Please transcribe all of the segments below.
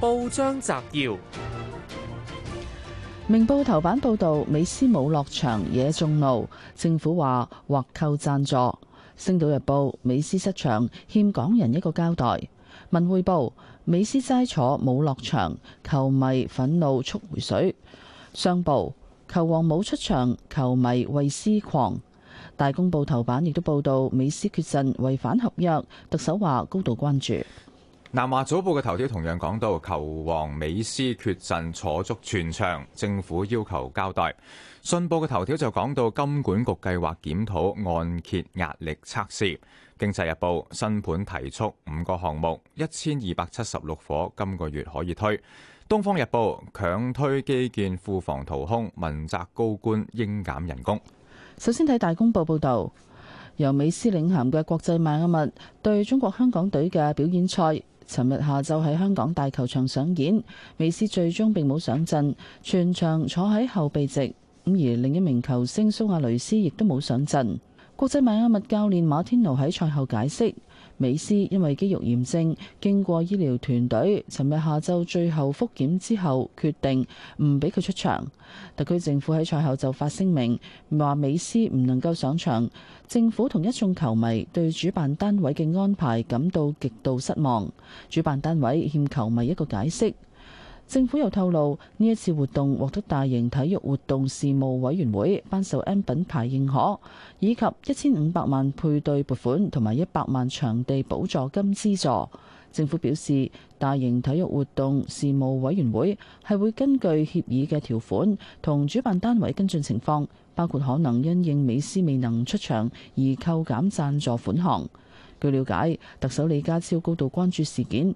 報章摘要：明報頭版報道，美斯冇落場惹眾怒，政府話獲扣贊助。星島日報，美斯失場欠港人一個交代。文匯報，美斯齋坐冇落場，球迷憤怒速回水。商報，球王冇出場，球迷為斯狂。大公報頭版亦都報道，美斯缺陣違反合約，特首話高度關注。南華早報嘅頭條同樣講到，球王美斯缺陣坐足全場，政府要求交代。信報嘅頭條就講到，金管局計劃檢討按揭壓力測試。經濟日報新盤提速五個項目，一千二百七十六伙，今個月可以推。東方日報強推基建庫房掏空，問責高官應減人工。首先睇大公報報道，由美斯領銜嘅國際邁阿密對中國香港隊嘅表演賽。尋日下晝喺香港大球場上演，美斯最終並冇上陣，全場坐喺後備席。咁而另一名球星蘇亞雷斯亦都冇上陣。國際邁阿密教練馬天奴喺賽後解釋。美斯因為肌肉炎症，經過醫療團隊，尋日下晝最後復檢之後，決定唔俾佢出場。特區政府喺賽後就發聲明，話美斯唔能夠上場。政府同一眾球迷對主辦單位嘅安排感到極度失望，主辦單位欠球迷一個解釋。政府又透露，呢一次活動獲得大型體育活動事務委員會頒授 M 品牌認可，以及一千五百萬配對撥款同埋一百萬場地補助金資助。政府表示，大型體育活動事務委員會係會根據協議嘅條款同主辦單位跟進情況，包括可能因應美斯未能出場而扣減贊助款項。據了解，特首李家超高度關注事件。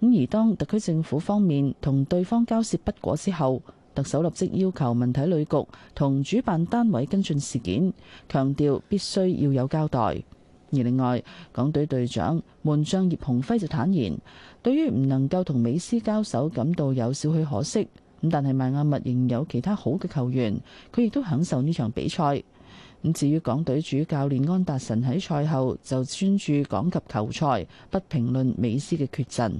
咁而當特區政府方面同對方交涉不果之後，特首立即要求文體旅局同主辦單位跟進事件，強調必須要有交代。而另外，港隊隊長門將葉鴻輝就坦言，對於唔能夠同美斯交手感到有少許可惜。咁但係邁阿密仍有其他好嘅球員，佢亦都享受呢場比賽。咁至於港隊主教練安達臣喺賽後就專注講及球賽，不評論美斯嘅缺陣。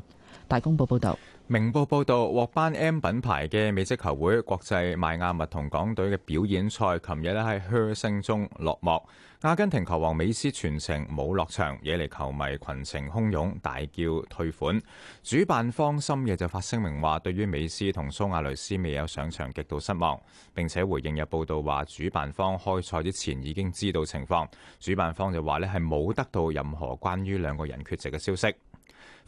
大公報報道，明報報道，獲班 M 品牌嘅美職球會國際邁亞密同港隊嘅表演賽，琴日咧喺噓聲中落幕。阿根廷球王美斯全程冇落場，惹嚟球迷群情洶湧，大叫退款。主辦方深夜就發聲明話，對於美斯同蘇亞雷斯未有上場極度失望。並且回應有報道話，主辦方開賽之前已經知道情況。主辦方就話咧，係冇得到任何關於兩個人缺席嘅消息。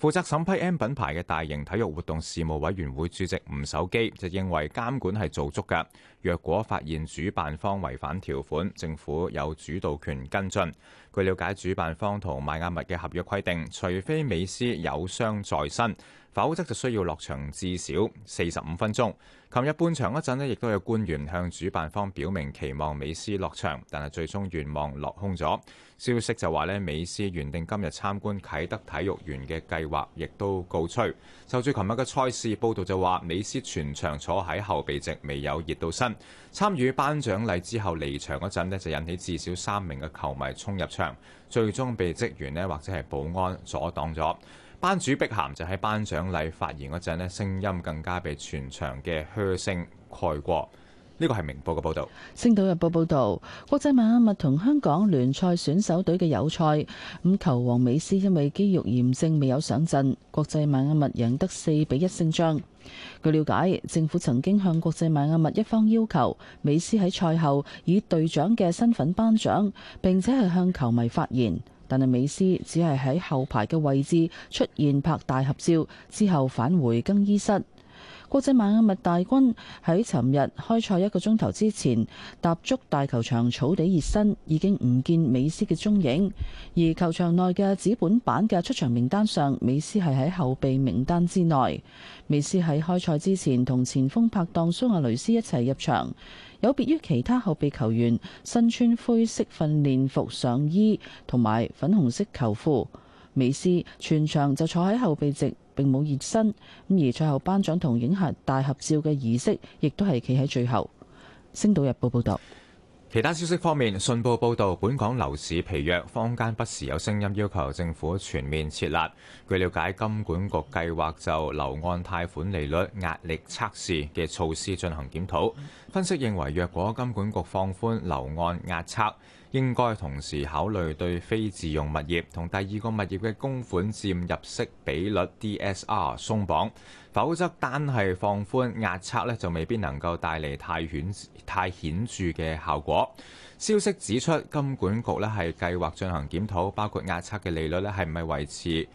負責審批 M 品牌嘅大型體育活動事務委員會主席吳守基就認為監管係做足㗎，若果發現主辦方違反條款，政府有主導權跟進。據了解，主辦方同邁亞密嘅合約規定，除非美斯有傷在身。否則就需要落場至少四十五分鐘。琴日半場嗰陣咧亦都有官員向主辦方表明期望美斯落場，但係最終願望落空咗。消息就話咧，美斯原定今日參觀啟德體育園嘅計劃亦都告吹。就住琴日嘅賽事報導就話，美斯全場坐喺後備席，未有熱到身。參與頒獎禮之後離場嗰陣咧就引起至少三名嘅球迷衝入場，最終被職員咧或者係保安阻擋咗。班主碧咸就喺頒獎禮發言嗰陣咧，聲音更加被全場嘅噓聲蓋過。呢個係明報嘅報道。星島日報報道，國際邁阿密同香港聯賽選手隊嘅友賽，咁球王美斯因為肌肉炎症未有上陣，國際邁阿密贏得四比一勝仗。據了解，政府曾經向國際邁阿密一方要求，美斯喺賽後以隊長嘅身份頒獎，並且係向球迷發言。但係美斯只係喺後排嘅位置出現拍大合照，之後返回更衣室。國際邁阿密大軍喺尋日開賽一個鐘頭之前踏足大球場草地熱身，已經唔見美斯嘅蹤影。而球場內嘅紙本版嘅出場名單上，美斯係喺後備名單之內。美斯喺開賽之前同前鋒拍檔蘇亞雷斯一齊入場，有別於其他後備球員身穿灰色訓練服上衣同埋粉紅色球褲，美斯全場就坐喺後備席席。並冇熱身咁，而最後頒獎同影合大合照嘅儀式，亦都係企喺最後。星島日報報道，其他消息方面，信報報道本港樓市疲弱，坊間不時有聲音要求政府全面設立。據了解，金管局計劃就樓按貸款利率壓力測試嘅措施進行檢討。分析認為，若果金管局放寬樓按壓測。應該同時考慮對非自用物業同第二個物業嘅供款佔入息比率 DSR 鬆綁，否則單係放寬壓測呢就未必能夠帶嚟太顯太顯著嘅效果。消息指出，金管局呢係計劃進行檢討，包括壓測嘅利率呢係唔係維持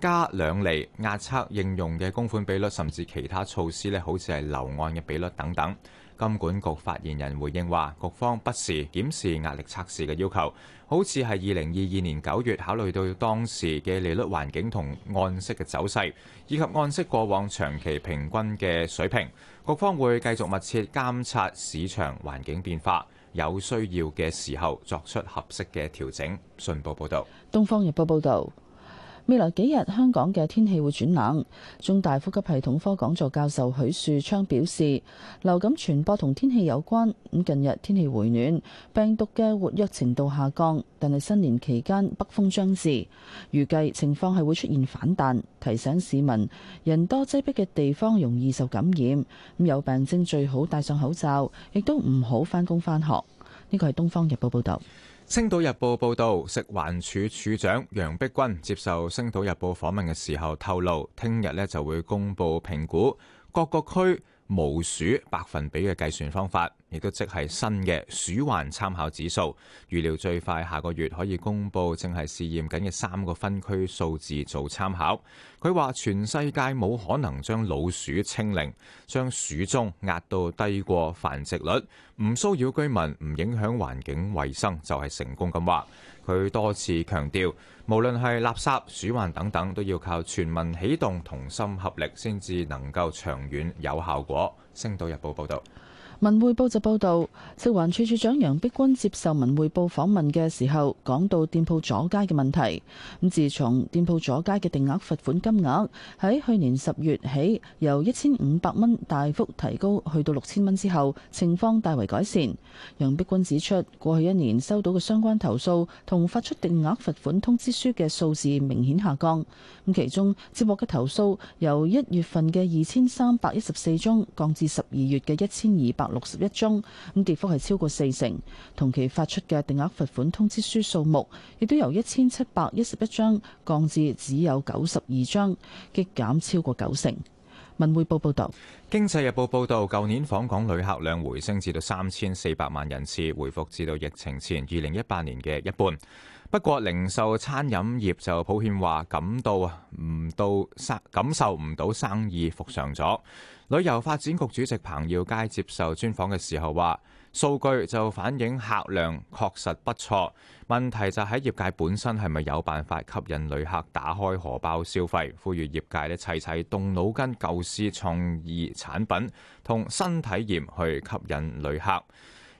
加兩厘，壓測應用嘅供款比率，甚至其他措施呢，好似係樓按嘅比率等等。金管局發言人回應話，局方不時檢視壓力測試嘅要求，好似係二零二二年九月，考慮到當時嘅利率環境同按息嘅走勢，以及按息過往長期平均嘅水平。局方會繼續密切監察市場環境變化，有需要嘅時候作出合適嘅調整。信報報道，東方日報報道。未來幾日香港嘅天氣會轉冷，中大呼吸系統科講座教授許樹昌表示，流感傳播同天氣有關。咁近日天氣回暖，病毒嘅活躍程度下降，但係新年期間北風將至，預計情況係會出現反彈。提醒市民，人多擠迫嘅地方容易受感染，咁有病徵最好戴上口罩，亦都唔好返工返學。呢個係東方日報報道。《星島日報》報道，食環署署長楊碧君接受《星島日報》訪問嘅時候透露，聽日呢就會公布評估各個區無鼠百分比嘅計算方法。亦都即係新嘅鼠患參考指數，預料最快下個月可以公布。正係試驗緊嘅三個分區數字做參考。佢話：全世界冇可能將老鼠清零，將鼠種壓到低過繁殖率，唔騷擾居民，唔影響環境衛生，就係成功咁話。佢多次強調，無論係垃圾、鼠患等等，都要靠全民起動，同心合力，先至能夠長遠有效果。星島日報報導。文匯報就報道，食環署署長楊碧君接受文匯報訪問嘅時候，講到店鋪阻街嘅問題。咁自從店鋪阻街嘅定額罰款金額喺去年十月起由一千五百蚊大幅提高去到六千蚊之後，情況大為改善。楊碧君指出，過去一年收到嘅相關投訴同發出定額罰款通知書嘅數字明顯下降。咁其中接獲嘅投訴由一月份嘅二千三百一十四宗降至十二月嘅一千二百。六十一宗，咁跌幅係超過四成。同期發出嘅定額罰款通知書數目，亦都由一千七百一十一張降至只有九十二張，激減超過九成。文匯報報道，經濟日報報道，舊年訪港旅客量回升至到三千四百萬人次，回復至到疫情前二零一八年嘅一半。不過，零售餐飲業就普遍話感到啊，唔到生感受唔到生意復常咗。旅遊發展局主席彭耀佳接受專訪嘅時候話：數據就反映客量確實不錯，問題就喺業界本身係咪有辦法吸引旅客打開荷包消費？呼籲業界咧齊齊動腦筋，構思創意產品同新體驗去吸引旅客。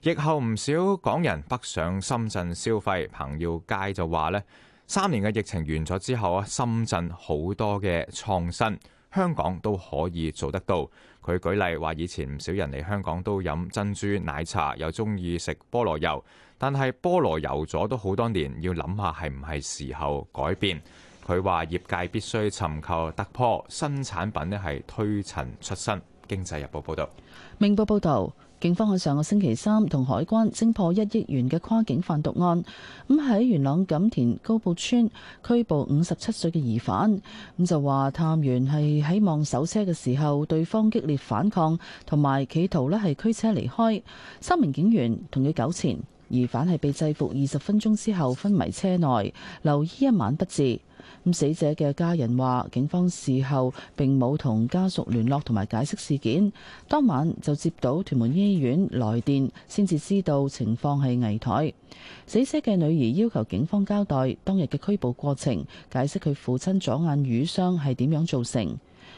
疫後唔少港人北上深圳消費，彭耀佳就話呢三年嘅疫情完咗之後啊，深圳好多嘅創新，香港都可以做得到。佢舉例話，以前唔少人嚟香港都飲珍珠奶茶，又中意食菠蘿油，但係菠蘿油咗都好多年，要諗下係唔係時候改變。佢話業界必須尋求突破，新產品咧係推陳出新。經濟日報報道，明報報道。警方喺上個星期三同海關偵破一億元嘅跨境販毒案，咁喺元朗錦田高埔村拘捕五十七歲嘅疑犯，咁就話探員係喺望手車嘅時候，對方激烈反抗，同埋企圖咧係驅車離開，三名警員同佢糾纏，疑犯係被制服二十分鐘之後昏迷車內，留醫一晚不治。咁死者嘅家人話，警方事後並冇同家屬聯絡同埋解釋事件。當晚就接到屯門醫院來電，先至知道情況係危殆。死者嘅女兒要求警方交代當日嘅拘捕過程，解釋佢父親左眼瘀傷係點樣造成。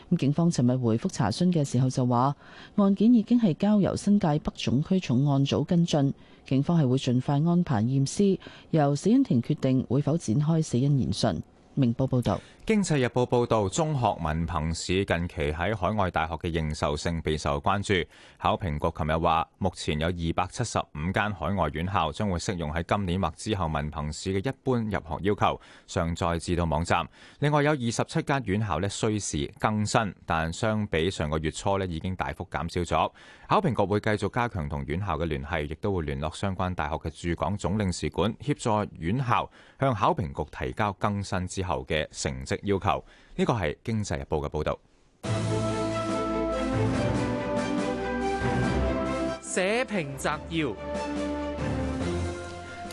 咁警方尋日回覆查詢嘅時候就話，案件已經係交由新界北總區重案組跟進，警方係會盡快安排驗屍，由死因庭決定會否展開死因研訊。明報報道。經濟日報報道，中學文憑試近期喺海外大學嘅認受性備受關注。考評局琴日話，目前有二百七十五間海外院校將會適用喺今年或之後文憑試嘅一般入學要求，上載至到網站。另外有二十七間院校咧需時更新，但相比上個月初咧已經大幅減少咗。考評局會繼續加強同院校嘅聯繫，亦都會聯絡相關大學嘅駐港總領事館，協助院校向考評局提交更新之後，球嘅成績要求，呢個係《經濟日報》嘅報導。社評摘要，《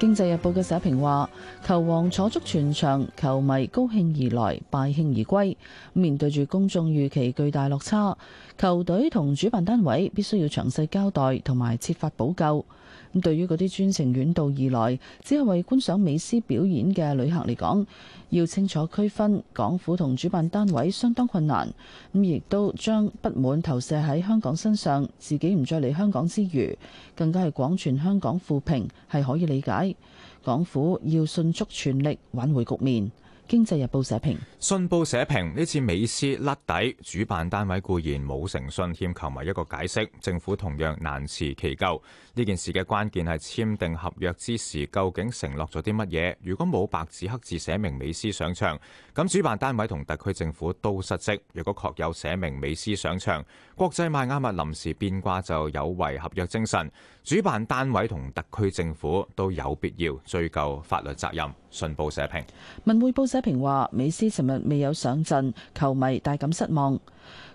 經濟日報》嘅社評話：球王坐足全場，球迷高興而來，敗興而歸。面對住公眾預期巨大落差。球隊同主辦單位必須要詳細交代同埋設法補救。對於嗰啲專程遠道而來只係為觀賞美斯表演嘅旅客嚟講要清楚區分港府同主辦單位相當困難，咁亦都將不滿投射喺香港身上，自己唔再嚟香港之餘更加係廣傳香港負評係可以理解。港府要迅速全力挽回局面。經濟日報社評，信報社評，呢次美斯甩底，主辦單位固然冇誠信，欠球迷一個解釋，政府同樣難辭其咎。呢件事嘅關鍵係簽訂合約之時，究竟承諾咗啲乜嘢？如果冇白紙黑字寫明美斯上場，咁主辦單位同特區政府都失職。如果確有寫明美斯上場，國際邁阿密臨時變卦就有違合約精神，主辦單位同特區政府都有必要追究法律責任。信報社評。文匯報社評話，美斯尋日未有上陣，球迷大感失望。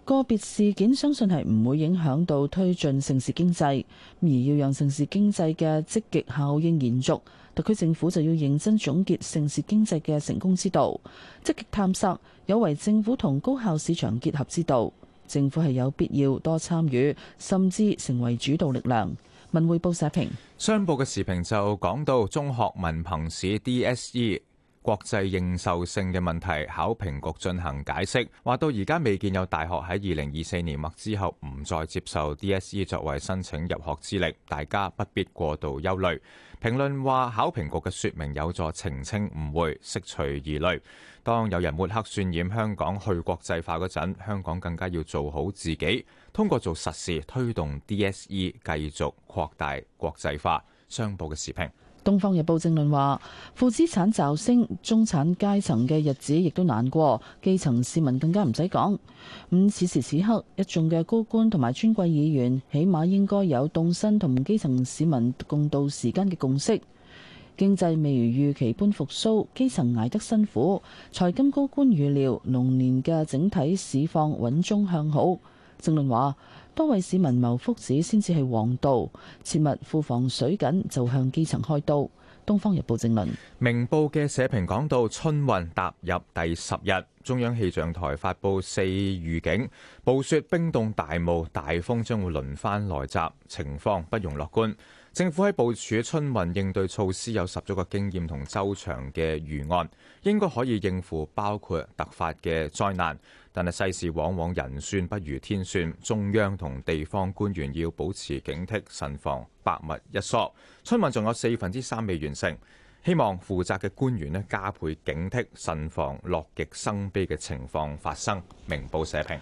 個別事件相信係唔會影響到推進城市經濟，而要讓城市經濟嘅積極效應延續，特區政府就要認真總結城市經濟嘅成功之道，積極探索有為政府同高效市場結合之道。政府係有必要多參與，甚至成為主導力量。文匯報社評，商報嘅時評就講到中學文憑試 DSE 國際認受性嘅問題，考評局進行解釋，話到而家未見有大學喺二零二四年或之後唔再接受 DSE 作為申請入學之力，大家不必過度憂慮。評論話考評局嘅説明有助澄清誤會、釋除疑慮。當有人抹黑渲染香港去國際化嗰陣，香港更加要做好自己，通過做實事推動 DSE 繼續擴大國際化。商報嘅時評。《東方日報正論》正論話，負資產驟升，中產階層嘅日子亦都難過，基層市民更加唔使講。咁此時此刻，一眾嘅高官同埋尊貴議員，起碼應該有凍薪同基層市民共度時間嘅共識。經濟未如預期般復蘇，基層挨得辛苦。財金高官預料，龍年嘅整體市況穩中向好。正論話。多為市民謀福祉先至係王道。切勿庫房水緊就向基層開刀。《東方日報》正論，《明報》嘅社評講到春運踏入第十日。中央氣象台發布四預警，暴雪、冰凍、大霧、大風將會輪番來襲，情況不容樂觀。政府喺部署春運應對措施有十足嘅經驗同周詳嘅預案，應該可以應付包括突發嘅災難。但係世事往往人算不如天算，中央同地方官員要保持警惕，慎防百密一疏。春運仲有四分之三未完成。希望負責嘅官員呢，加倍警惕，慎防樂極生悲嘅情況發生。明報社評。